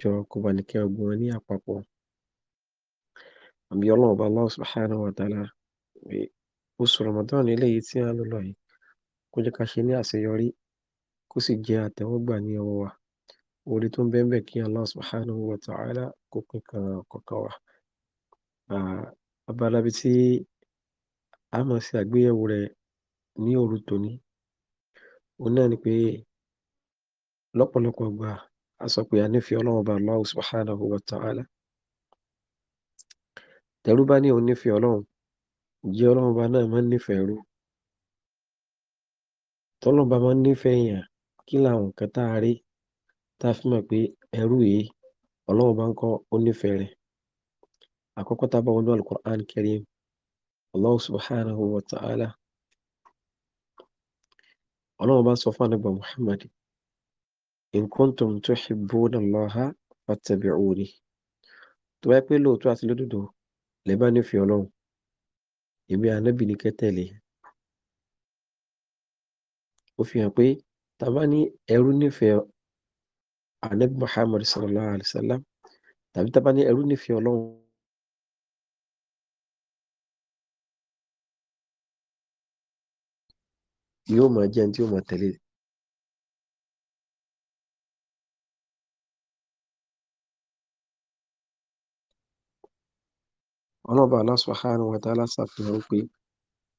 jọ kó bá ní kẹ́ gbogbo wọn ní àpapọ̀ àbí ọlọ́run bá Allah subhanahu wa ta'ala oṣù Ramadan eléyìí tí a ń lò lọ yìí kó jẹ́ ká ṣe ní àṣeyọrí kó sì jẹ́ àtẹ́wọ́gbà ní ọwọ́ wa orí tó ń bẹ́ẹ̀ kí Allah subhanahu wa kó pín kan kọ̀ọ̀kan wa. abalabi tí a máa ṣe àgbéyẹ̀wò rẹ̀ ní òru tòní òun náà ni pé lọ́pọ̀lọpọ̀ gbà a sọ pé a nífẹ̀ẹ́ ọlọ́run ọba Allah subhanahu wa ta'ala tẹ̀rú bá ní òun nífẹ̀ẹ́ ọlọ́run jẹ́ ọlọ́run ọba náà máa ń nífẹ̀ẹ́ ẹrú tọ́lọ́run bá máa ń nífẹ̀ẹ́ èèyàn kí làwọn nǹkan tá a rí tá a fi mọ̀ pé ẹrú yìí ọlọ́run bá ń kọ́ ó nífẹ̀ẹ́ rẹ̀ àkọ́kọ́ tá a bá wọnú al-Qur'an Karim Allah ta'ala ọlọ́run bá sọ fún àdàgbà Muhammad in kuntum tuhibbuna Allaha fattabi'uni tó bá pé lóòótọ́ àti lódodo lè bá nífẹ̀ẹ́ ọlọ́run èmi ànábì ní kẹ́tẹ̀lé ó fi hàn pé tàbá ní ẹrú nífẹ̀ẹ́ ànábì Muhammad sallallahu alayhi wa sallam tàbí tàbá ní ẹrú nífẹ̀ẹ́ ọlọ́run yóò máa jẹ́ ẹni tí yóò máa tẹ̀lé ọlọ́run bá Allah subhanahu wa ta'ala ṣàfihàn pé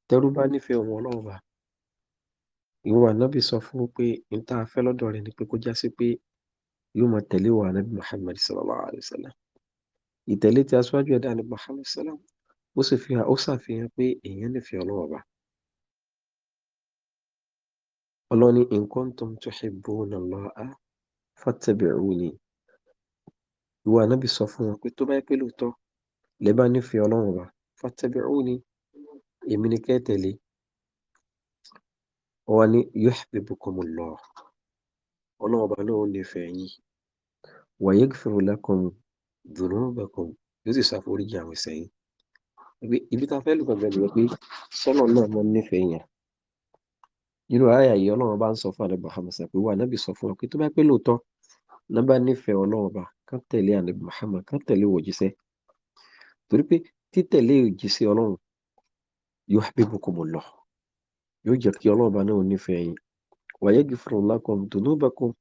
tẹ́rú bá nífẹ̀ẹ́ ọmọ ọlọ́run bá ìwọ ànábì sọ fún pé n tá a fẹ́ lọ́dọ̀ rẹ̀ ni pé kó já sí pé yóò máa tẹ̀lé wa ànábì Muhammad sallallahu alayhi wa sallam ìtẹ̀lé ti aṣáájú ẹ̀dá ànábì Muhammad sallam ó sì fi hàn ó ṣàfihàn pé èèyàn nífẹ̀ẹ́ ọlọ́run bá ọlọ́ni in kuntum tuhibbuna Allaha fattabi'uni ìwọ ànábì sọ fún wọn pé tó bá yẹ pé lóòótọ́ lẹ bá nífẹ̀ẹ́ ọlọ́run ọba fattabi'uni èmi ni kẹ́ tẹ̀lé ọwọ́ ní yuhbibkumullah ọlọ́run ọba náà nífẹ̀ẹ́ yín wa yaghfir lakum dhunubakum yóò sì ṣàforíjì àwọn ẹ̀ṣẹ̀ yín ibi tá a fẹ́ lù gbàgbẹ́ nìyẹn pé sọ́nà náà mọ́ nífẹ̀ẹ́ yẹn irú àyà yìí ọlọ́run bá ń sọ fún ànábì Muhammad sọ pé wà nábì sọ fún wa pé tó bá pé lóòótọ́ náà nífẹ̀ẹ́ ọlọ́run ọba kán tẹ̀lé ànábì Muhammad kán tẹ̀lé òjíṣẹ́ torí pé títẹ̀lé òjíṣẹ́ ọlọ́run yuhbibkumullah yóò jẹ́ kí ọlọ́run bá náà nífẹ̀ẹ́ yín wa yaghfir lakum dhunubakum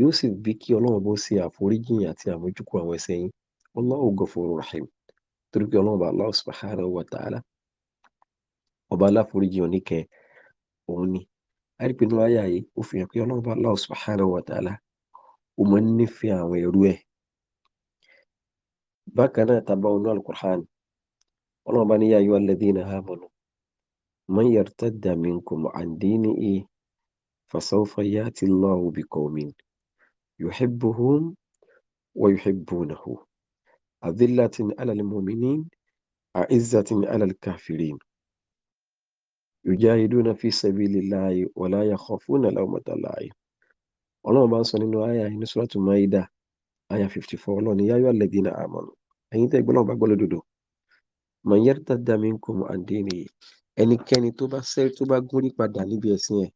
yóò sì bí kí ọlọ́run bó ṣe àforíjìn àti àmójúkú àwọn ẹ̀ṣẹ̀ yín wallahu ghafurur rahim torí pé ọlọ́run bá Allah subhanahu wa ta'ala ọba aláforíjìn oníkẹ òun ni àrípinnu ayá yìí ó fi pé ọlọ́run bá Allah subhanahu wa ta'ala ó máa ń nífẹ̀ẹ́ àwọn ẹrú ẹ̀ bákan náà tá a bá wọnú alukur'an ọlọ́run bá ní yá ayyuhal ladhina amanu man yartadda minkum an dinihi fasawfa ya'ti Allahu biqawmin yuhibbuhum wa yuhibbunahu adillatin alal mu'minin a'izzatin alal kafirin yujahiduna fi sabilillahi wa ọlọ́run bá ń sọ nínú àyà ní suratu Maida àyà 54 ọlọ́run ní yá ayyuhal ladhina amanu ẹ̀yin tẹ́ gbọ́dọ̀ bá gbọ́dọ̀ dòdò man yartadda minkum an dinihi ẹnikẹ́ni tó bá sẹ́ tó bá gúnrí padà níbi ẹ̀sìn ẹ̀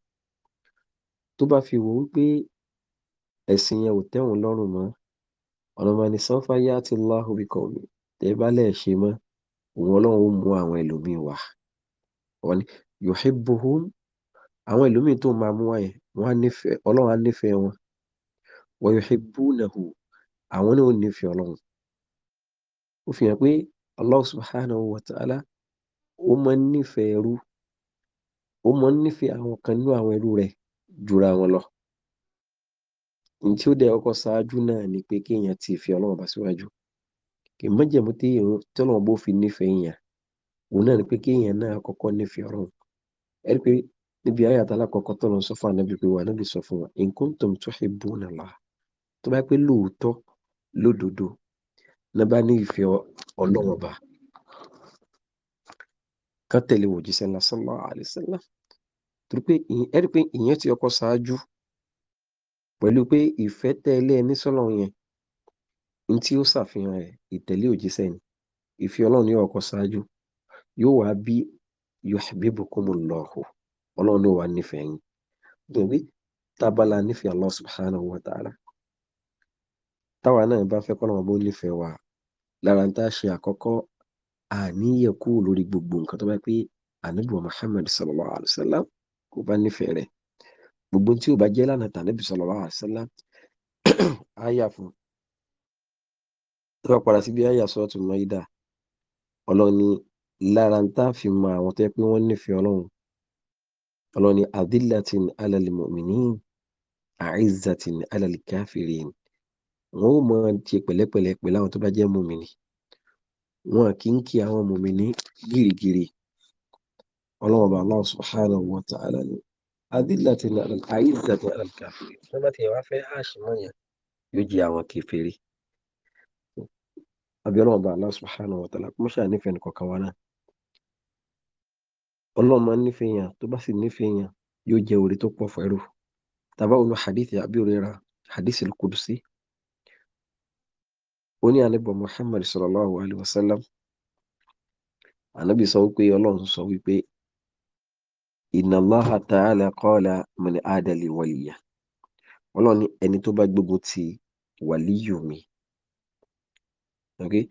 tó bá fi wò ó pé ẹ̀sìn yẹn ò tẹ́wọ̀n lọ́rùn mọ́ ọ̀nà mani sawfa ya'ti Allahu bi qawmin tẹ́ bá lẹ̀ ṣe mọ́ òun ọlọ́run ó mú àwọn ẹlòmíín wá wọn ni yuhibbuhum àwọn ẹlòmíín tó máa mú wáyẹn wọn á nífẹ̀ẹ́ ọlọ́run á nífẹ̀ẹ́ wọn wa yuhibbunahu àwọn náà ò nífẹ̀ẹ́ ọlọ́run ó fi hàn pé Allah subhanahu wa ta'ala ó máa ń nífẹ̀ẹ́ ẹrú ó máa ń nífẹ̀ẹ́ àwọn kan nínú àwọn ẹrú rẹ̀ jura wọn lọ ní tí ó dẹ̀ ọkọ̀ ṣáájú náà ni pé kéèyàn ti fi ọlọ́run bá síwájú kì í mọ́jẹ̀mú tí ọlọ́run bó fi nífẹ̀ẹ́ èèyàn òun náà ni pé kéèyàn náà kọ́kọ́ nífẹ̀ẹ́ ọlọ́run ẹ̀rí pé níbi ayé àtàlà kọ́kọ́ tọ́lọ́ sọ fún anábì pé wàá nábì sọ fún wa in kuntum tuhibbuna Allah tó bá pẹ́ lóòótọ́ lódodo ní bá ní ìfẹ́ ọlọ́run ọba kán tẹ̀lé òjíṣẹ́ náà sallallahu alaihi wasallam torí pé ẹ̀rí pé ìyẹn ti ọkọ̀ ṣáájú pẹ̀lú pé ìfẹ́ tẹ́lẹ̀ ní sọ́lọ̀ yẹn ní tí ó ṣàfihàn rẹ̀ ìtẹ̀lé òjíṣẹ́ ni ìfẹ́ ọlọ́run ní ọkọ̀ ṣáájú yóò wá bí yuhibbukumullahu ọlọ́run ló wà nífẹ̀ẹ́ yín torí tábàlà nífẹ̀ẹ́ Allah subhanahu wa ta'ala táwa náà bá fẹ́ kọ́ lọ́wọ́ bó nífẹ̀ẹ́ wa lára ń tá a ṣe àkọ́kọ́ àníyàn kúrò lórí gbogbo nǹkan tó bá pé ànábì Muhammad sallallahu alayhi wa sallam kò bá nífẹ̀ẹ́ rẹ̀ gbogbo tí ò bá jẹ́ lánàá tànábì sallallahu alayhi wa sallam á yà fún un tó bá padà síbi àyà sọ́ọ̀tù mọ́ídà ọlọ́run ni lára ń tá fi mọ àwọn tó yẹ pé wọ́n nífẹ̀ẹ́ ọlọ́run ọlọ́run ni adillatin alal mu'minin a'izzatin wọn ó máa ṣe pẹ̀lẹ́pẹ̀lẹ́ pẹ̀lú àwọn tó bá jẹ́ mùmìnì wọn kì í kí àwọn mùmìnì gìrìgìrì ọlọ́run ọba Allah subhanahu wa ta'ala ni adílàtì àìsàtì àlàkàfẹ́ tó bá ti wá fẹ́ àṣìmọ́yàn yóò jẹ àwọn kèfèrí abiola ọba Allah subhanahu wa ta'ala kọmọṣẹ ànífẹ̀ẹ́ nìkọ̀ọ̀kan wa náà ọlọ́run máa nífẹ̀ẹ́ yàn tó bá sì nífẹ̀ẹ́ yàn yóò jẹ orí tó pọ̀ fẹ́rù tàbá olú hadith àbí orí ra hadith al-Qudsi ó ní ànábọ̀ Muhammad sallallahu alayhi wa sallam ànábì sọ wípé ọlọ́run sọ wípé inna Allaha ta'ala qala man adali waliya ọlọ́run ní ẹni tó bá gbógun ti wàlíyù mi okay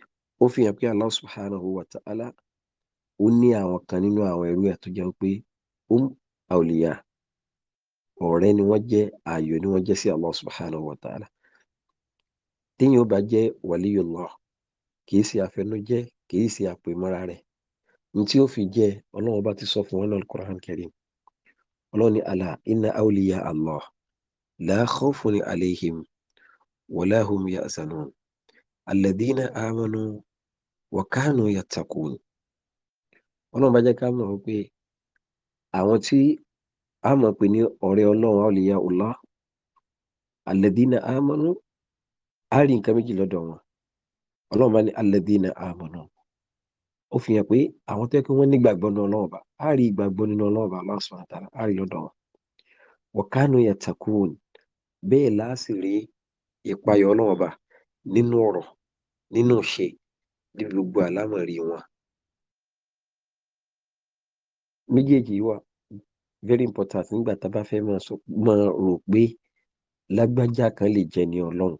ó fi hàn pé Allah subhanahu wa ta'ala ó ní àwọn kan nínú àwọn ẹrú ẹ̀ tó jẹ́ pé ó ń àwòlíyà ọ̀rẹ́ ni wọ́n jẹ́ ààyò ni wọ́n jẹ́ sí Allah subhanahu wa ta'ala téèyàn ó bá jẹ́ waliyullah kìí ṣe àfẹnujẹ́ kìí ṣe àpèmọ́ra rẹ̀ ní tí ó fi jẹ́ ọlọ́run bá ti sọ fún wọn náà Qur'an Karim ọlọ́run ní àlà inna awliya Allah la khawfun alayhim wala hum yahzanun alladhina amanu wa kanu yattaqun ọlọ́run bá jẹ́ ká mọ̀ pé àwọn tí a mọ̀ pé ní ọ̀rẹ́ ọlọ́run awliya Allah alladhina amanu á rí nǹkan méjì lọ́dọ̀ wọn ọlọ́run bá ní alladhina amanu ó fi hàn pé àwọn tó yẹ kí wọ́n nígbàgbọ́ nínú ọlọ́run bá á rí ìgbàgbọ́ nínú ọlọ́run bá Allah subhanahu wa ta'ala á rí lọ́dọ̀ wọn wa kanu bẹ́ẹ̀ láàsì rí ìpayọ̀ ọlọ́run bá nínú ọ̀rọ̀ nínú ṣe níbi gbogbo àlámọ̀rí wọn méjèèjì wà very important nígbà tá a bá fẹ́ máa rò pé lágbájá kan lè jẹ́ ni ọlọ́run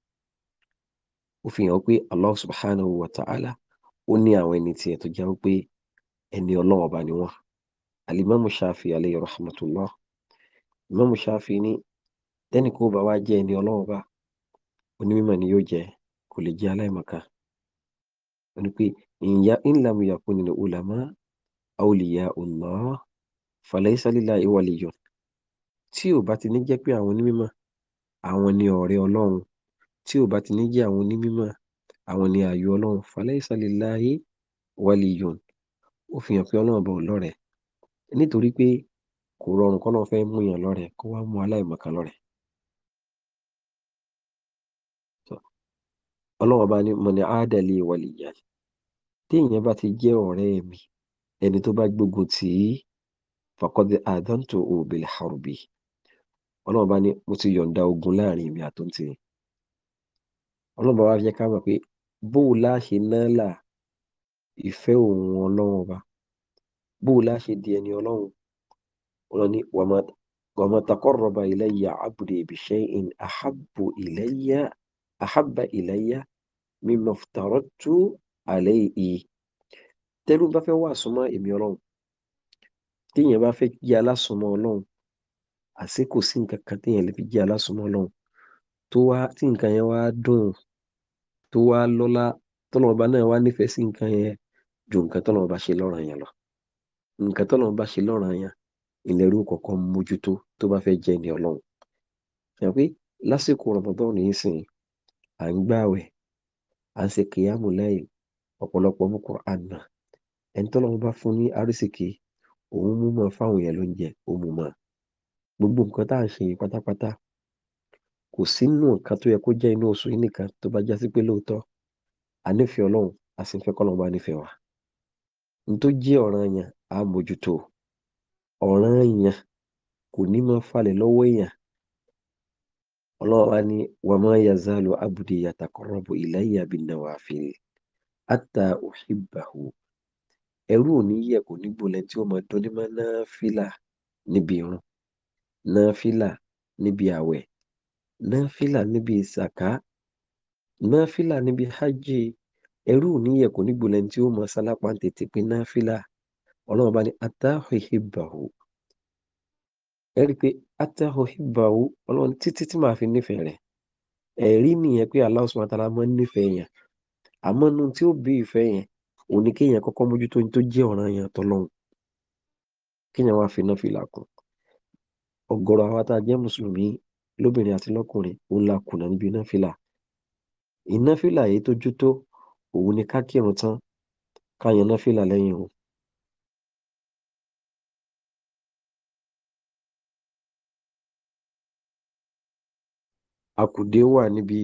ó fi hàn pé Allah subhanahu wa ta'ala ó ní àwọn ẹni tiẹ̀ tó jẹ́ pé ẹni ọlọ́run ọba ni wọ́n alimamu shafi alayhi rahmatullah imamu shafi ní tẹ́nìkan ọba wa jẹ́ ẹni ọlọ́run ọba onímọ̀ ni yóò jẹ́ kò lè jẹ́ aláìmọ̀ká wọ́n ní pé ìyá ńlá mu yàkú nínú ulama awliya Allah falaysa lillahi tí ò bá ti ní jẹ́ pé àwọn onímọ̀ àwọn ni ọ̀rẹ́ ọlọ́run tí ò bá ti ní jẹ́ àwọn onímímọ́ àwọn ni ààyò ọlọ́run falaysa lillahi waliyun ó fi hàn pé ọlọ́run bò lọ́rẹ̀ẹ́ nítorí pé kò rọrùn kọ́lọ́run fẹ́ mú yàn lọ́rẹ̀ẹ́ kó wá mú aláìmọ̀kan lọ́rẹ̀ẹ́ ọlọ́run ọba ni mọ̀nì áádẹ́lì wàlìyà tí èèyàn bá ti jẹ́ ọ̀rẹ́ mi ẹni tó bá gbógun tì í fàkọ́dé àdántò òbílẹ̀ àrùbí ọlọ́run ọba ni mo ti yọ̀ǹda ogun láàrin mi àtúntì ọlọ́ba wa jẹ́ ká mọ̀ pé bó o láṣẹ náà là ìfẹ́ òun ọlọ́run ọba bó o láṣẹ di ẹni ọlọ́run ọ̀rọ̀ ni wàmọ̀ takọ́rọ̀ba ilayya abdi bishay'in ahabbu ilayya ahabba ilayya mimma iftaradtu alayhi tẹ́lú bá fẹ́ wà súnmọ́ èmi ọlọ́run téèyàn bá fẹ́ jẹ́ alásùnmọ́ ọlọ́run àsìkò sí nǹkan kan téèyàn lè fi jẹ́ alásùnmọ́ ọlọ́run tí nǹkan yẹn wá dùn tó wá lọ́lá tọ́lọ́ọ̀bá náà wá nífẹ̀ẹ́ sí nǹkan yẹn ju nǹkan tọ́lọ́ọ̀bá ṣe lọ́ranyàn lọ nǹkan tọ́lọ́ọ̀bá ṣe lọ́ranyàn ilẹ̀ irú kọ̀ọ̀kan mójútó tó bá fẹ́ ní ọlọ́run pé lásìkò nìyí sìn à ń à ń ṣe kìyàmù lẹ́yìn ọ̀pọ̀lọpọ̀ ẹni bá gbogbo nǹkan tá à ń ṣe pátápátá kò sínú nǹkan tó yẹ kó jẹ́ inú oṣù yìí nìkan tó bá já sí pé lóòótọ́ a nífẹ̀ẹ́ ọlọ́run a sì ń fẹ́ kọ́lọ́run bá nífẹ̀ẹ́ wa n tó jẹ́ ọ̀ranyàn á mójútó ọ̀ranyàn kò ní máa falẹ̀ lọ́wọ́ èèyàn ọlọ́run wa ní wa ma yazalu abdi yataqarrabu ilayya bin nawafil hatta uhibbahu ẹrú ò ní yẹ kò ní gbolẹ̀ tí ó máa dún ní máa náà fìlà níbi irun náà fìlà níbi àwẹ̀ náfìlà níbi ìsàká náfìlà níbi hajj ẹrú níyẹ kò ní gbolẹ̀ tí ó mọ sálápá tètè pé náfìlà ọlọ́run bá ní atáhùhìbàwò ẹ rí i pé atáhùhìbàwò ọlọ́run títí tí màá fi nífẹ̀ẹ́ rẹ̀ ẹ̀rí nìyẹn pé Allah subhanahu wa ta'ala yẹn àmọ́ nu tí ó bí ìfẹ́ yẹn òun ni kéèyàn kọ́kọ́ mójútó ní tó jẹ́ ọ̀ràn yẹn tọ́lọ́hún kéèyàn wá fi náfìlà kún ọ̀gọ̀rọ̀ àwa tá mùsùlùmí lóbìnrin àti lọ́kùnrin òun la kùnà níbi náfìlà ìnáfìlà yìí tó jútó òun ni ká kírun tán ká yan náfìlà lẹ́yìn o àkùdé wà níbi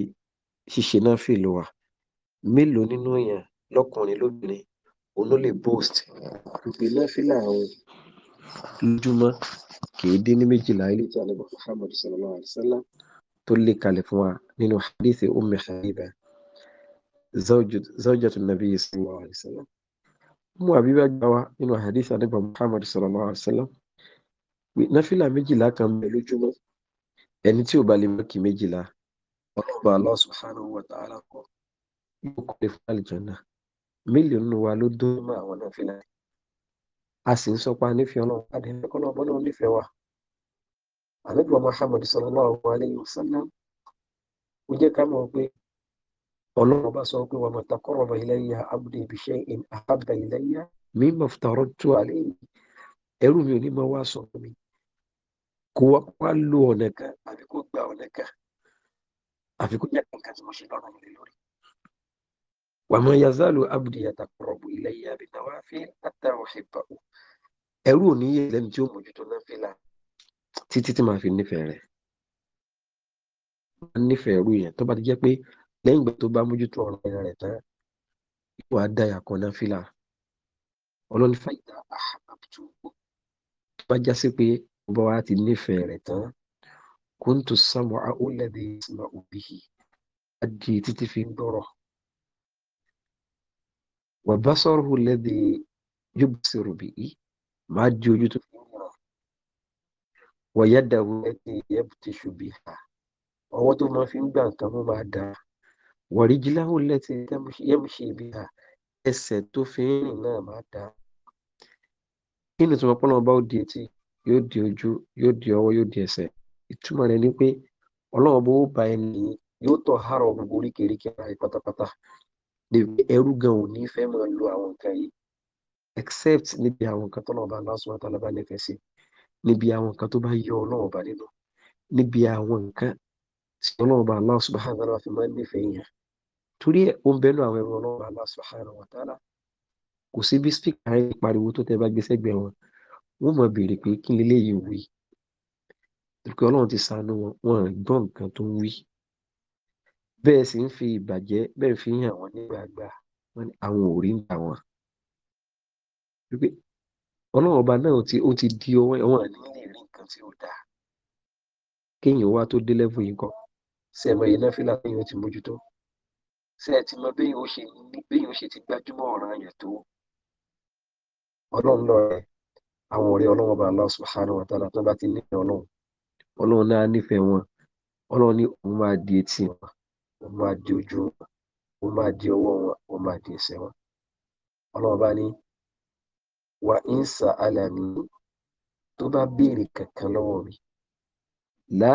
ṣíṣe náfìlà wa mélòó nínú èèyàn lọ́kùnrin lóbìnrin òun ló lè boast pípé náfìlà òun lójúmọ́ kì í dín ní méjìlá ilé tí ànábì muhammad sallallahu alayhi wa sallam tó lè kalẹ̀ fún wa nínú hadith ummi habiba zawjatu nabi sallallahu alayhi wa sallam ummu habiba gbà wá nínú hadith ànábì muhammad sallallahu alayhi wa sallam náfìlà méjìlá kan bẹ lójúmọ́ ẹni tí ò bá lè mọ́kì méjìlá ọlọ́ba Allah subhanahu wa ta'ala kọ yóò kọ́lé fún àlùjànnà mílíọ̀nù wa ló dún mọ́ àwọn náfìlà yìí a sì ń sọpa nífẹ̀ẹ́ ọlọ́run pàdé ẹ̀kọ́ náà bọ́lá nífẹ̀ẹ́ wa ànábì wa Muhammad sallallahu alayhi wa sallam ó jẹ́ ká mọ̀ pé ọlọ́run bá sọ pé wa ma taqarraba ilayya abdi bi shay'in ahabba ilayya mimma aftaradtu alayhi ẹrú mi ò ní máa wá sọ mi kó wá wá lo ọ̀nà kan àbí kó gba ọ̀nà kan àfi jẹ́ kankan tí mo ṣe lọ́rùn mi lórí wàmọ yazalu abdi yataqarrabu ilayya binawafil hatta uhibbahu ẹrú ò ní yẹ lẹ́nu tí ó mójútó náfìlà títí tí màá fi nífẹ̀ẹ́ rẹ̀ máa nífẹ̀ẹ́ ẹrú yẹn tó bá ti jẹ́ pé lẹ́yìn ìgbà tó bá mójútó ọ̀rọ̀ rẹ̀ tán yóò wá dáyà kan náfìlà ọlọ́ni fàyídà àhàbàbùtù tó bá já sí pé ọba wa ti nífẹ̀ẹ́ rẹ̀ tán kuntu sam'a alladhi yasma'u bihi adìyẹ títí fi ń gbọ́rọ̀. وبصره الذي يبصر به ما جوجت ويده التي يبتش بها fi ń gbà nǹkan mọ́ máa dà wọ̀ríjìláwò lẹ́tì yẹ́mùṣe ibi ha fi ń rìn náà máa dà kí ni ìtumọ̀ pọ́nlọ́wọ́ di di ni pé ọlọ́wọ́ bó bá ẹni yóò tọ̀ hárọ̀ gbogbo oríkèéríkèé ara rẹ̀ ẹrú gan ò ní fẹ́ máa lo àwọn nǹkan yìí except níbi àwọn nǹkan tọ́lọ́wọ́ bá lásán àtàlà bá nífẹ̀ẹ́ sí níbi àwọn nǹkan tó bá yọ ọlọ́wọ́ bá nínú níbi àwọn nǹkan tí ọlọ́wọ́ bá lásán bá hàn fi máa ń nífẹ̀ẹ́ yẹn torí ẹ̀ ó ń bẹ́ẹ̀ lọ àwọn ẹrú ọlọ́wọ́ bá lásán hàn wọ́n tààlà kò sí bí spíkà rẹ̀ pariwo tó tẹ́ bá gbé sẹ́gbẹ̀ẹ́ wọn wọ́n mọ̀ béèrè pé kí lélẹ́yìí wí torí pé ọlọ́run ti ṣàánú wọn wọn gbọ́ nǹkan tó ń wí bẹ́ẹ̀ sì ń fi ìbàjẹ́ bẹ́ẹ̀ fi ń hàn wọ́n nígbàgbà wọ́n ní àwọn ò rí nígbà wọn. wípé ọlọ́run ọba náà tí ó ti di ọwọ́ ẹ̀wọ̀n ní lè rí nǹkan tí ó dáa kéèyàn wá tó dé lẹ́fún yìí kọ́ sẹ́ẹ̀mọ yìí náà fìlà téèyàn ti mójútó sẹ́ẹ̀ ti mọ béèyàn ó ṣe ti gbájúmọ́ ọ̀ràn yẹn tó ọlọ́run lọ àwọn ọ̀rẹ́ ọlọ́run ọba Allah subhanahu wa ta'ala tó bá ti nífẹ̀ẹ́ ọlọ́run ọlọ́run náà nífẹ̀ẹ́ wọn ọlọ́run ní òun máa di etí wọn ó máa di ojú wọn ó máa di ọwọ́ wọn ó máa di ẹsẹ̀ wọn ọlọ́run bá ní wà ń sa alàmì tó bá béèrè kankan lọ́wọ́ mi lá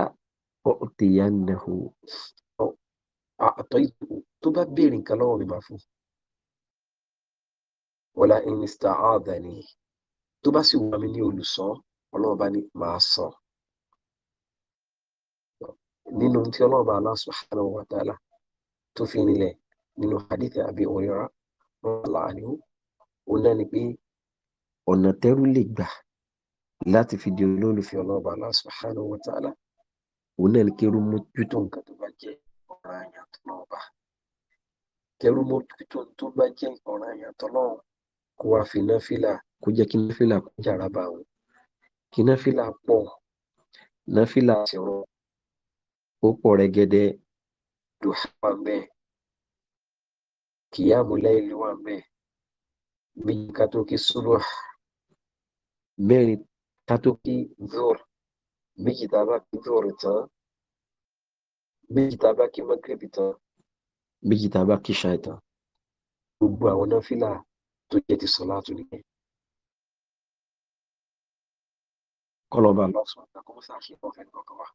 ọ̀tẹ̀yánahu àtọ́ tó bá béèrè nǹkan lọ́wọ́ mi máa fún wọlá ń sa ààdà ni tó bá sì wà mí ní olùsọ ọlọ́run bá ní máa sàn nínú tí ọlọ́ọ̀bà Allah subhanahu wa ta'ala tó fi nílẹ̀ nínú hadith Abi Hurairah radiyallahu anhu ó náà ni pé ọ̀nà tẹ́rú lè gbà láti fi di olólùfẹ́ ọlọ́ọ̀bà Allah subhanahu wa ta'ala ó náà ni kẹrù mójútó nǹkan tó bá jẹ́ ọ̀ràn àyàn tó náà bá kẹrù mójútó tó bá jẹ́ ọ̀ràn àyàn tó náà kó wá fi náfìlà kó jẹ́ kí náfìlà kó jàrá bá wọn kí náfìlà pọ̀ náfìlà ti rọ̀ ó pọ̀ rẹ́gẹ́dẹ́ dùhà wà bẹ́ẹ̀ kìyàmù láìlì wà bẹ́ẹ̀ méjì ká tó kí súbà mẹ́rin ká tó kí zor méjì tá a bá kí zor tán méjì tá a bá gbogbo àwọn náfìlà tó jẹ́ ti sọ látò nìyẹn. kọlọba lọsọ àkókò sáà ṣe ọfẹ kankan wa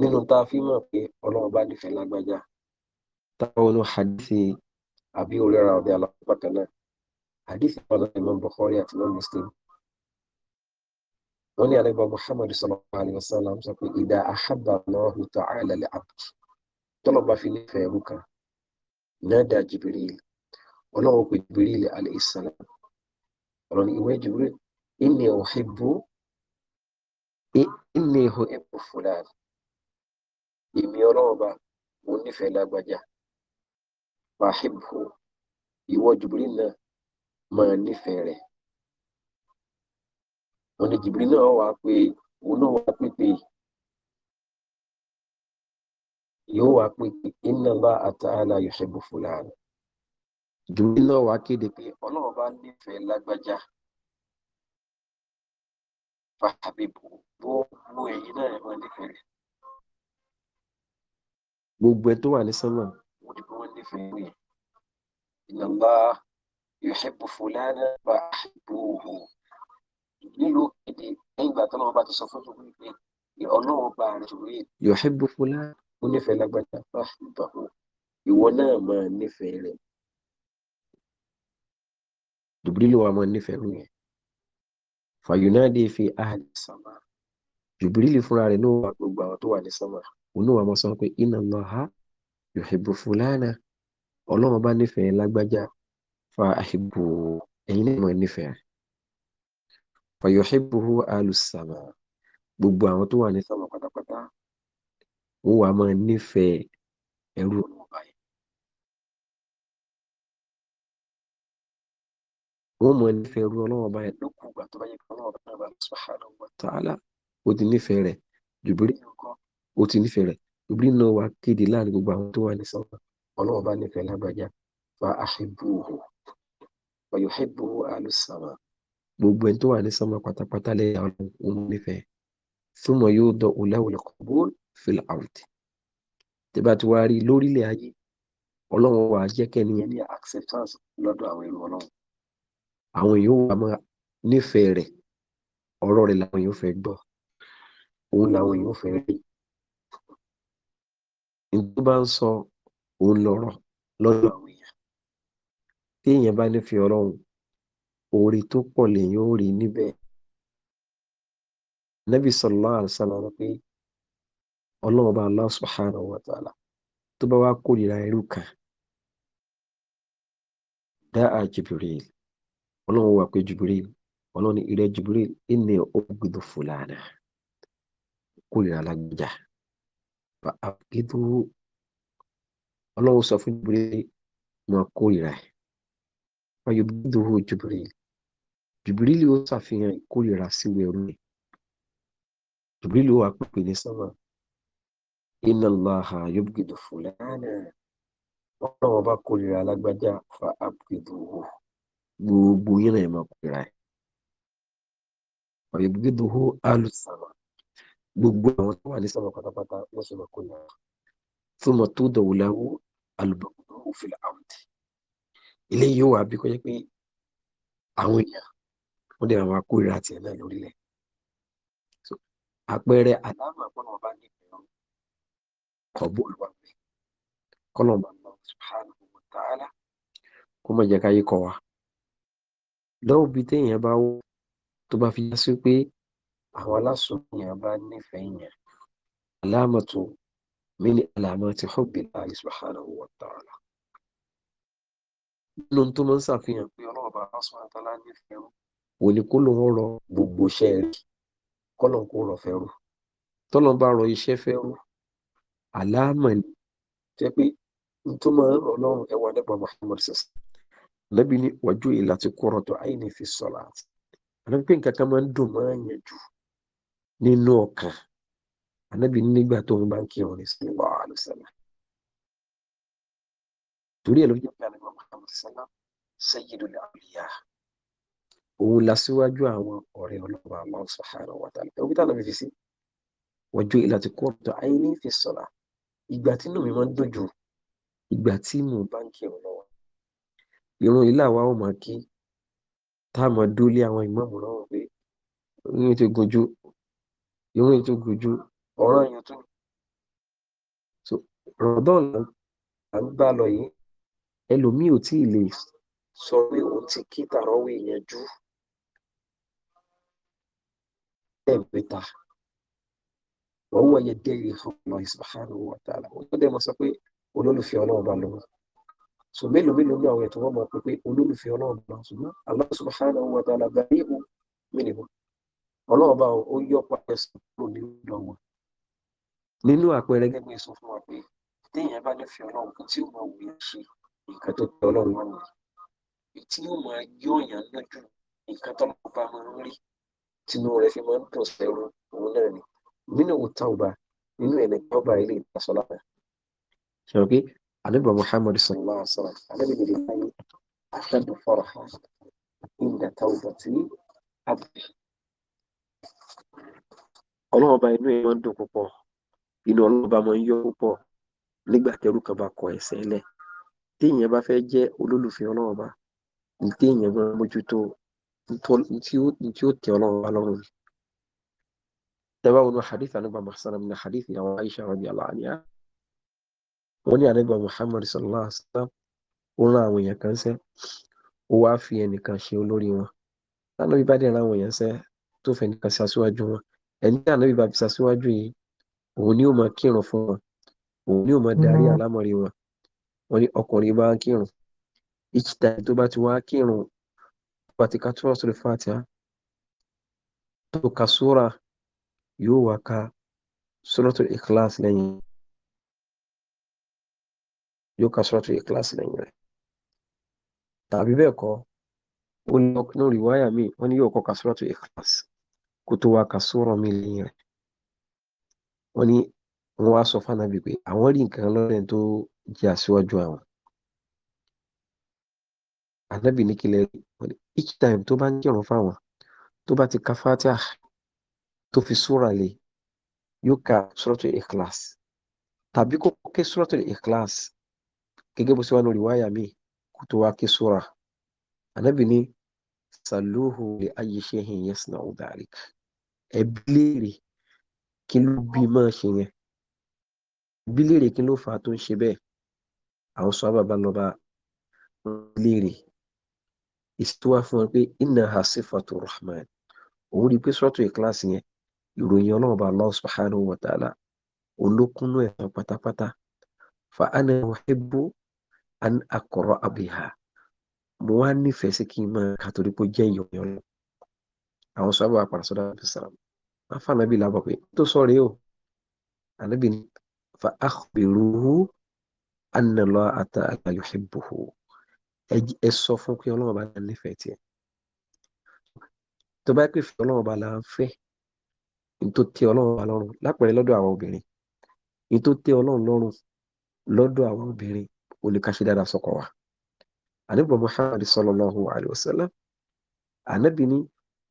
nínú tá a fi mọ̀ pé ọlọ́run bá nífẹ̀ẹ́ lágbájá táwọn onú hadithi àbí òrìra ọ̀dẹ alápákan náà hadithi ọ̀dọ̀ Imam Bukhari àti Imam Muslim wọ́n ní àlẹ́bọ̀ Muhammad sallallahu alayhi wa sallam sọ pé ìdá ahabba Allahu ta'ala al-abd tọ́lọ̀ bá fi nífẹ̀ẹ́ ẹrú kan nada Jibril ọlọ́run pé Jibril alayhi salam ọ̀rọ̀ ní ìwé Jibril inni uhibbu inni uhibbu fulan èmi ọlọ́run bá mo nífẹ̀ẹ́ lágbájá fàhíbù ìwọ jùbìrí náà máa nífẹ̀ẹ́ rẹ̀ wọn ni jùbìrí náà wà pé òun náà wà pípé yóò wà pípé inna Allaha ta'ala yuhibbu fulan jùbìrí náà wà kéde pé ọlọ́run nífẹ̀ẹ́ lágbájá fàhíbù gbogbo ẹ̀yin náà máa nífẹ̀ẹ́ rẹ̀ gbogbo ẹ tó wà ní sánmà. wọ́n ní bí wọ́n nífẹ̀ẹ́ ìwé ìyàmbá yuhibbu fulana ó nífẹ̀ẹ́ lágbàdá bá àbúrò ìwọ náà máa nífẹ̀ẹ́ rẹ̀. Jibril wa máa nífẹ̀ẹ́ rú yẹn. Fàyọ̀nádé fi áhàlì sánmà. Jibril fúnra rẹ̀ náà wà gbogbo àwọn tó wà ní sánmà òun náà wà mọ́ sọ pé inna Allaha yuhibbu fulana ọlọ́run bá nífẹ̀ẹ́ lágbájá fa ahibbu ẹ̀yin náà mọ̀ nífẹ̀ẹ́ fa yuhibbuhu ahlu sama gbogbo àwọn tó wà ní sama pátápátá wọ́n wà mọ́ nífẹ̀ẹ́ ẹrú ọlọ́run báyìí. wọ́n mọ̀ nífẹ̀ẹ́ ẹrú ọlọ́run báyìí lókùúgbà tó bá yẹ kí ọlọ́run bá subhanahu wa ta'ala ó ti nífẹ̀ẹ́ rẹ̀ jùbírí nǹkan ó ti nífẹ̀ẹ́ rẹ̀ Jibril náà wá kéde láàrin gbogbo àwọn tó wà ní sánmà ọlọ́run bá nífẹ̀ẹ́ lágbájá fa ahibbuhu wa yuhibbuhu ahlus sama gbogbo ẹni tó wà ní sánmà pátápátá lẹ́yìn àwọn ohun nífẹ̀ẹ́ thumma yuda'u lahul qabul fil ard tí bá ti wá rí lórílẹ̀ ayé ọlọ́run wà jẹ́ kẹ́ni ẹni acceptance lọ́dọ̀ àwọn ẹrú ọlọ́run àwọn èèyàn wà máa nífẹ̀ẹ́ rẹ̀ ọ̀rọ̀ rẹ̀ làwọn èèyàn fẹ́ gbọ́ òun làwọn èèyàn fẹ́ rí tó bá ń sọ òun lọ̀rọ̀ lọ́dọ̀ àwọn èèyàn tí èèyàn bá nífẹ̀ẹ́ ọlọ́run oore tó pọ̀ lèèyàn ó rí níbẹ̀ nabi sallallahu alaihi wasallam pé ọlọ́run bá Allah subhanahu wa ta'ala tó bá wá kórìíra irú kan Jibril wà pé Jibril Jibril àbíkú ọlọ́run sọ fún Jibril mọ kórìíra ẹ̀ wọ́n yóò bí dòwò Jibril Jibril ló ṣàfihàn ìkórìíra síwé ẹrú rẹ̀ Jibril ló wà pèpè ní sọ́mà inna Allaha yubghidu fulana ọlọ́run bá kórìíra alágbájá fa àbíkú gbogbo yìnyín ẹ̀ mọ kórìíra ẹ̀ wọ́n yóò bí gbogbo àwọn tó wà ní sọmọ pátápátá wọn sì máa kó nira fún mọ tó dọwọ láwọ alùpùpù òfin àwùjọ ilé yóò wá bí kọjá pé àwọn èèyàn wọn dẹ̀ àwọn akórira tiẹ̀ náà lórílẹ̀ àpẹẹrẹ àdámà kọ́nà bá ní ìlú kọ̀bó ìwà mi kọ́nà bá lọ subhanahu wa ta'ala kó má jẹ́ ká kọ wa lọ́wọ́ bíi téèyàn bá wọ́ tó bá fi yá sí pé àwọn alásùnmù yẹn bá nífẹ̀ẹ́ yẹn alámọ̀tò mí ni alámọ̀tò hubbillahi subhanahu wa ta'ala nínú tó máa ń ṣàfihàn pé ọlọ́ọ̀bá aláṣọ àtàlá nífẹ̀ẹ́ wò ní kó ló ń rọ gbogbo iṣẹ́ rí kọ́lọ̀ kó rọ̀ fẹ́ rú tọ́lọ̀ bá rọ iṣẹ́ fẹ́ rú àlámọ̀ ni jẹ́ pé tó máa ń rọ̀ lọ́rùn ẹwà nípa Muhammad sassan lẹ́bi ní wájú ìlà tí kúrọ̀ tó àyè ní fi sọ̀rọ̀ àti àná nǹkan kan máa ń dùn máa ń yẹn jù nínú ọkàn ànábì nígbà tó ń bá ń kírun ní sinimá àlùsàlà torí ẹ̀ ló jẹ́ pé ànábì Muhammad sàlá sayyidul awliya òun la àwọn ọ̀rẹ́ ọlọ́wọ́ Allah subhanahu wa ta'ala òbí tá a lọ fi fi sí wọ́jú ìlàtí kóòtù àìní fi sọ̀rọ̀ ìgbà tí inú mi máa ń dùn jù ìgbà tí mò ń bá ń kírun lọ́wọ́ ìrun ilé àwa ò máa kí tá a máa dúlé àwọn ìmáàmù lọ́wọ́ pé ní ètò ìgunjú yòówù tó gojú ọ̀ràn yìí tó so rọ̀dọ́n là ń bá lọ yìí ẹlòmíì ò tí ì lè sọ pé òun ti kí tàrọ́wé yẹn jú ẹ̀ẹ́dẹ́gbẹ̀ta wọ́n wọ̀ yẹ dé ọ̀nà ìsìbáhánù wọ̀tàlá ó dẹ̀ sọ pé olólùfẹ́ ọlọ́run bá lọ́wọ́ so mélòó mélòó ní àwọn ètò wọn mọ̀ pé olólùfẹ́ ọlọ́run bá lọ́wọ́ ṣùgbọ́n Allah subhanahu wa ta'ala gba ọlọ́run bá ó yọ pàṣẹ sí kúrò ní ọ̀dọ̀ wọn nínú àpẹẹrẹ gẹ́gẹ́ bí sọ fún wa pé téèyàn bá nífẹ̀ẹ́ ọlọ́run kan tí ó máa wù ú ṣe nǹkan tó tẹ ọlọ́run lọ́rùn rẹ̀ tí ó máa yọ ọ̀yàn lójú nǹkan tó máa bá máa ń rí tinú rẹ̀ fi máa ń dùn sẹ́rù òun náà ni nínú òun tá ò bá nínú ẹ̀ lẹ́gbẹ́ ọba ilé ìtasọ́lá rẹ̀ ṣèwọ́n pé àlébà Muhammad sallallahu alaihi wasallam àlébà ìdílé ayé aṣáájú fọ́rọ̀ ha ìdàtà òbọ̀tì àbùkù ọlọ́run ọba inú ẹ̀ máa ń dùn púpọ̀ inú ọlọ́run ọba máa ń yọ púpọ̀ nígbà tẹ́rú kan bá kọ ẹ̀ṣẹ̀ lẹ̀ téèyàn bá fẹ́ jẹ́ olólùfẹ́ ọlọ́run ọba téèyàn máa mójútó tí ó tẹ ọlọ́run ọba lọ́rùn ni. dábàá wọn hadith anagba mahasan amina hadith àwọn Aisha radiyallahu anha wọn ní anagba Muhammad sallallahu alaihi wa sallam ó rán àwọn èèyàn kan sẹ́ ó wáá fi ẹnìkan ṣe olórí wọn lánàá bí bá dẹ̀ rán àwọn èèyàn sẹ́ tó fẹ́ nìkan ṣe aṣíwájú wọn ẹni tí ànábì bá fi ṣàṣíwájú yìí òun ni ó máa kírun fún wọn òun ni ó máa darí mm-hmm. àlámọ̀rí wọn wọn ni ọkùnrin bá ń kírun ìchìtà tó bá ti wá kírun pàtí ká tó rọ̀sọ̀rọ̀ fàtíà tó ka súra yóò wá ka suratul ikhlas lẹ́yìn yóò ka suratul ikhlas lẹ́yìn rẹ̀ tàbí bẹ́ẹ̀ kọ́ ó lọ nínú rìwáyà míì wọ́n ní yóò kọ́ ka suratul ikhlas kó tó wá ka sọ̀rọ̀ mi lẹ́yìn rẹ̀ wọ́n ní wọ́n wá sọ fánábì pé àwọn rí nǹkan lọ́rẹ̀ tó jẹ́ àṣíwájú àwọn ànábì ní kílẹ̀ wọ́n ní each time tó bá ń kírun fáwọn tó bá ti ka fatia tó fi súra lé yóò ka suratul ikhlas tàbí kó ké suratul ikhlas gẹ́gẹ́ bó ṣe wà lórí wáyà mi kó tó wá ké súra ànábì ní fasaluhu li ayi shehin yasna'u dhalik ẹbí léèrè kí ló bí máa ṣe yẹn ẹbí léèrè kí ló fà á tó ń ṣe bẹ́ẹ̀ àwọn sọ bàbá lọ bá léèrè èsì wá fún wọn pé inna ha sifatu rahman òun rí i pé sọ́tò ìkíláàsì yẹn ìròyìn ọlọ́run bá Allah subhanahu wa ta'ala olókùnú ẹ̀sán pátápátá fa ana uhibbu an aqra'a biha mo wá nífẹ̀ẹ́ sí kí n máa kà torí pé ó jẹ́ ìyọ̀n yọ̀n àwọn sọ́ọ́bù apàdà sọ́dọ̀ àbí sàràm afáànábì làbọ̀ pé tó sọ rèé o ànábì fa akhbiruhu anna Allaha ta'ala yuhibbuhu ẹ sọ fún pé ọlọ́run bá nífẹ̀ẹ́ tiẹ̀ tó bá pè fún ọlọ́run bá la fẹ́ nítorí tẹ́ ọlọ́run bá lọ́rùn lápẹ̀rẹ̀ lọ́dọ̀ àwọn obìnrin nítorí tẹ́ ọlọ́run lọ́rùn lọ́dọ̀ àwọn obìnrin olùkàṣe dáadáa sọ́kọ wa ànábì muhammad sallallahu alayhi wa sallam ànábì ní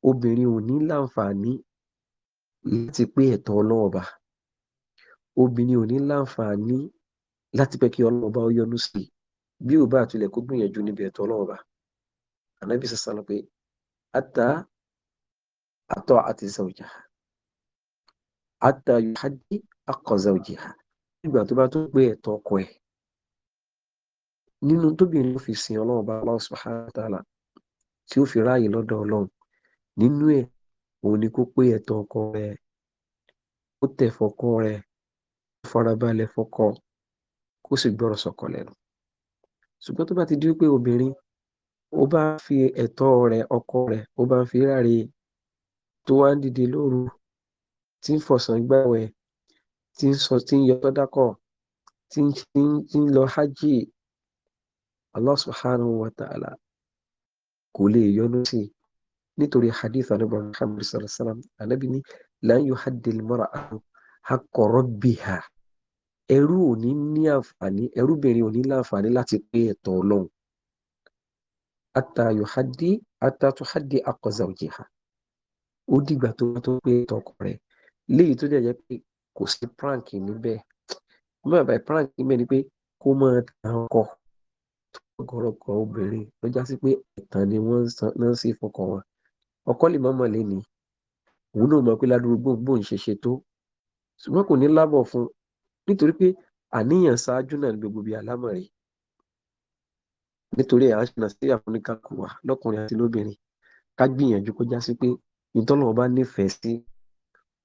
obìnrin ò ní láǹfààní láti pé ẹ̀tọ́ ọlọ́ọ̀ba obìnrin ò ní láǹfààní láti pé kí ọlọ́ọ̀ba ó yọ́nú sí bí ò bá àtúlẹ̀ kó gbìyànjú níbi ẹ̀tọ́ ọlọ́ọ̀ba ànábì sàṣàlọ́ pé àtà àtọ́ àti zawjaha àtà yóò hajj akọ̀ zawjaha nígbà tó bá tó gbé ẹ̀tọ́ ọkọ ẹ̀ nínú tóbìnrin fi sin ọlọ́run bá Allah subhanahu wa ta'ala tí ó fi ráàyè lọ́dọ̀ ọlọ́run nínú ẹ̀ òun ni kó pé ẹ̀tọ́ ọkọ rẹ̀ ó tẹ̀ fọkọ rẹ̀ ó farabalẹ̀ fọkọ kó sì gbọ́rọ̀ sọ̀kọ lẹ́nu ṣùgbọ́n tó bá ti di wípé obìnrin ó bá fi ẹ̀tọ́ rẹ̀ ọkọ rẹ̀ ó bá fi ráre tó wá ń dìde lóru tí ń fọ̀sán gbàwẹ̀ tí ń sọ tí ń yọ sọ́dákọ̀ tí ń lọ hajj Allah subhanahu wa ta'ala kò lè yọnu sí i nítorí hadith anabi muhammad sallallahu alaihi wa sallam anabi ni lan yuhaddil mar'atu haqqa rabbiha ẹrú ò ní ní àǹfààní ẹrúbìnrin ò ní láǹfààní láti pé ẹ̀tọ́ ọlọ́run hatta yuhaddi hatta tuhaddi haqqa zawjiha ó dìgbà tó bá tó pé ẹ̀tọ́ ọkọ rẹ̀ léyìí tó dẹ̀ pé kò sí prank níbẹ̀ mọ́ àbáyé prank níbẹ̀ ni pé kó máa tàn án kọ́ ọ̀gọ̀rọ̀gọ̀ obìnrin ló já sí pé ẹ̀tàn ni wọ́n ń sí fọkàn wọn ọkọ lè mọ́mọ́ lé ní òun náà mọ̀ pé ládùúgbò gbòǹgbò ń ṣe ṣe tó ṣùgbọ́n kò ní lábọ̀ fún nítorí pé àníyàn ṣáájú náà ní gbogbo bíi alámọ̀rí nítorí à ń ṣe nàìjíríà fún ní kakú wa lọ́kùnrin àti lóbìnrin ká gbìyànjú kó já sí pé ìtọ́lọ́wọ́ bá nífẹ̀ẹ́ sí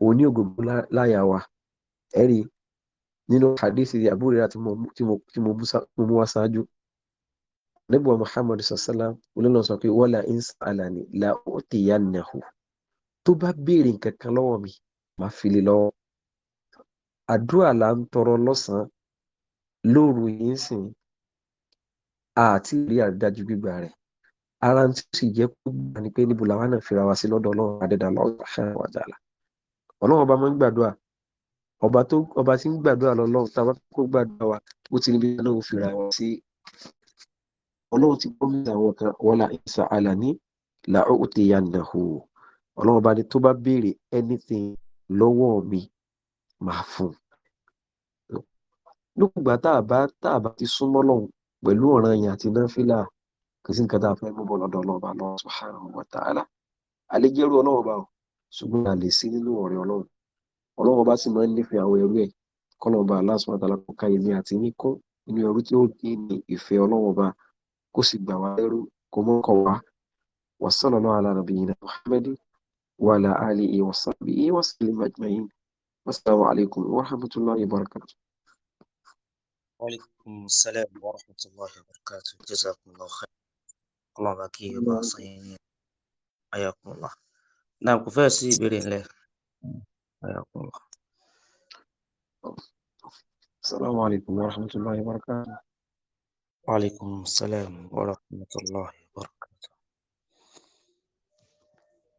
òní ògògbó láyà wa ẹ̀rí nínú àdéṣe àbúrò rẹ̀ tí mo mú wá ṣáájú níbo muhammadu sasala olóńgbò sọ pé wọ́lá insa alani la ó ti yá nàhù tó bá béèrè nǹkan kan lọ́wọ́ mi máa fi lè lọ́wọ́ àdúrà là ń tọrọ lọ́sàn-án lóru yìí ń sìn àti ìrí àdájú gbígbà rẹ̀ ara ń sì jẹ́ kó gbà ní pé níbo làwọn náà fira wa sí lọ́dọ̀ ọlọ́run adẹ́dà lọ́wọ́ ṣáà ọlọ́run ọba máa ń gbàdúrà ọba tí ń gbàdúrà lọ́lọ́run tá a bá kó gbàdúrà wa ó ti níbi náà ó fira wa sí ọlọ́run ti promise àwọn kan wọ́n la ìsà àlàní la'u'tiyannahu ọlọ́run bá ní tó bá béèrè anything lọ́wọ́ mi máa fún un nígbà tá a bá tá a bá ti súnmọ́ lọ́hùn pẹ̀lú ọ̀ràn yẹn àti náfìlà kò sí nǹkan tá a fẹ́ mú bọ̀ lọ́dọ̀ ọlọ́run bá lọ́wọ́ subhanahu wa ta'ala àlejẹ́rú ọlọ́run bá o ṣùgbọ́n a lè sí nínú ọ̀rẹ́ ọlọ́run ọlọ́run bá sì máa ń nífẹ̀ẹ́ àwọn ẹrú ẹ̀ kọ́lọ́run bá aláṣọ àtàlákọ̀ọ́ká yẹn ní àti yín kún inú ẹrú tí ó kí ní ìfẹ́ ọlọ́run bá kó sì gbà wá lẹ́rú kó mọ́kọ̀ wá wasallallahu ala nabiyina muhammadu wa ala alihi wa sahbihi wa sallim ajma'in wasalaamu alaykum wa rahmatulahi wa barakatu. وعليكم السلام ورحمة الله وبركاته جزاكم الله خير الله باكي وباصين حياكم الله نعم كفاسي بإذن الله حياكم الله السلام عليكم ورحمة الله وبركاته وعليكم السلام ورحمة الله